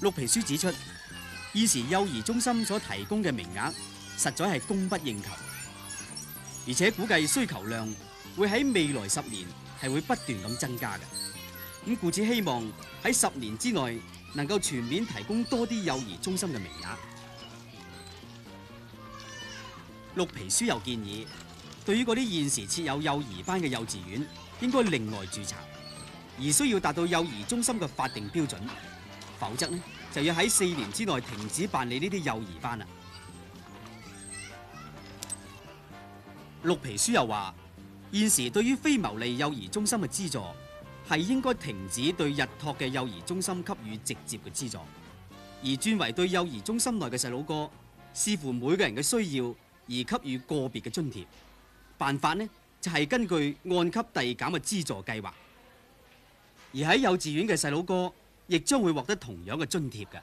綠皮書指出，現時幼兒中心所提供嘅名額實在係供不應求，而且估計需求量會喺未來十年係會不斷咁增加嘅。咁故此希望喺十年之內能夠全面提供多啲幼兒中心嘅名額。綠皮書又建議，對於嗰啲現時設有幼兒班嘅幼稚園，應該另外註冊，而需要達到幼兒中心嘅法定標準。否則呢，就要喺四年之內停止辦理呢啲幼兒班啦。綠皮書又話，現時對於非牟利幼兒中心嘅資助，係應該停止對日托嘅幼兒中心給予直接嘅資助，而轉為對幼兒中心內嘅細佬哥視乎每個人嘅需要而給予個別嘅津貼。辦法呢，就係、是、根據按級遞減嘅資助計劃，而喺幼稚園嘅細佬哥。亦將會獲得同樣嘅津貼㗎，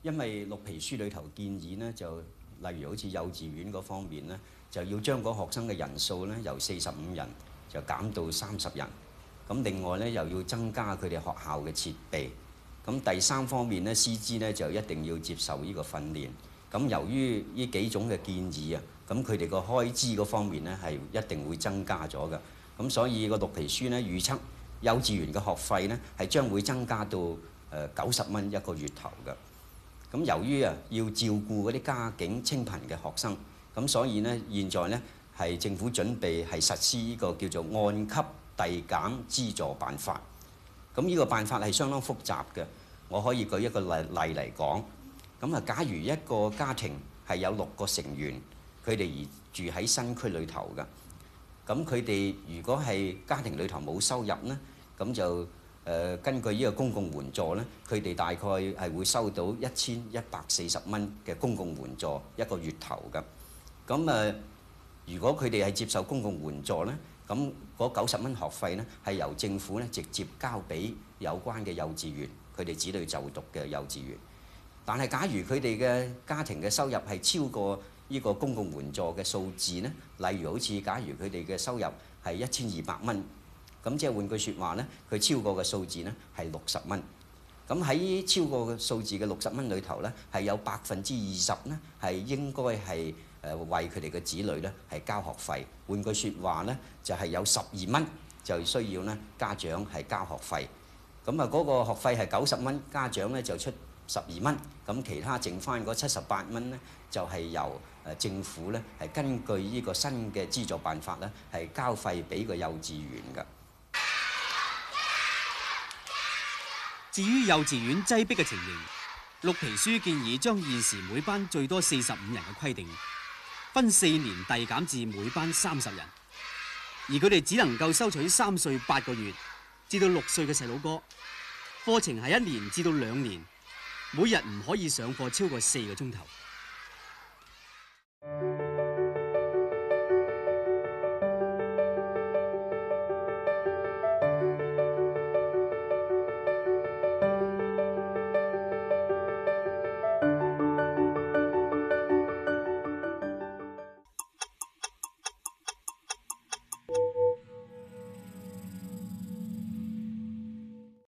因為綠皮書裏頭建議呢，就例如好似幼稚園嗰方面呢，就要將個學生嘅人數呢由四十五人就減到三十人。咁另外呢，又要增加佢哋學校嘅設備。咁第三方面呢，師資呢就一定要接受呢個訓練。咁由於呢幾種嘅建議啊，咁佢哋個開支嗰方面呢，係一定會增加咗嘅。咁所以個綠皮書呢預測。幼稚園嘅學費咧，係將會增加到誒九十蚊一個月頭嘅。咁由於啊要照顧嗰啲家境清貧嘅學生，咁所以咧現在咧係政府準備係實施依個叫做按級遞減資助辦法。咁、這、呢個辦法係相當複雜嘅，我可以舉一個例例嚟講。咁啊，假如一個家庭係有六個成員，佢哋而住喺新區裏頭嘅。咁佢哋如果係家庭裏頭冇收入咧，咁就誒根據呢個公共援助咧，佢哋大概係會收到一千一百四十蚊嘅公共援助一個月頭㗎。咁誒，如果佢哋係接受公共援助咧，咁嗰九十蚊學費咧係由政府咧直接交俾有關嘅幼稚園，佢哋子女就讀嘅幼稚園。但係假如佢哋嘅家庭嘅收入係超過，呢個公共援助嘅數字呢，例如好似假如佢哋嘅收入係一千二百蚊，咁即係換句説話呢，佢超過嘅數字呢係六十蚊。咁喺超過嘅數字嘅六十蚊裏頭呢，係有百分之二十呢係應該係誒為佢哋嘅子女呢係交學費。換句説話呢，就係有十二蚊就需要呢家長係交學費。咁啊嗰個學費係九十蚊，家長呢就出。十二蚊，咁其他剩翻嗰七十八蚊呢，就係由政府咧係根據呢個新嘅資助辦法咧，係交費俾個幼稚園噶。至於幼稚園擠迫嘅情形，綠皮書建議將現時每班最多四十五人嘅規定，分四年遞減至每班三十人。而佢哋只能夠收取三歲八個月至到六歲嘅細佬哥，課程，係一年至到兩年。每日唔可以上課超過四個鐘頭。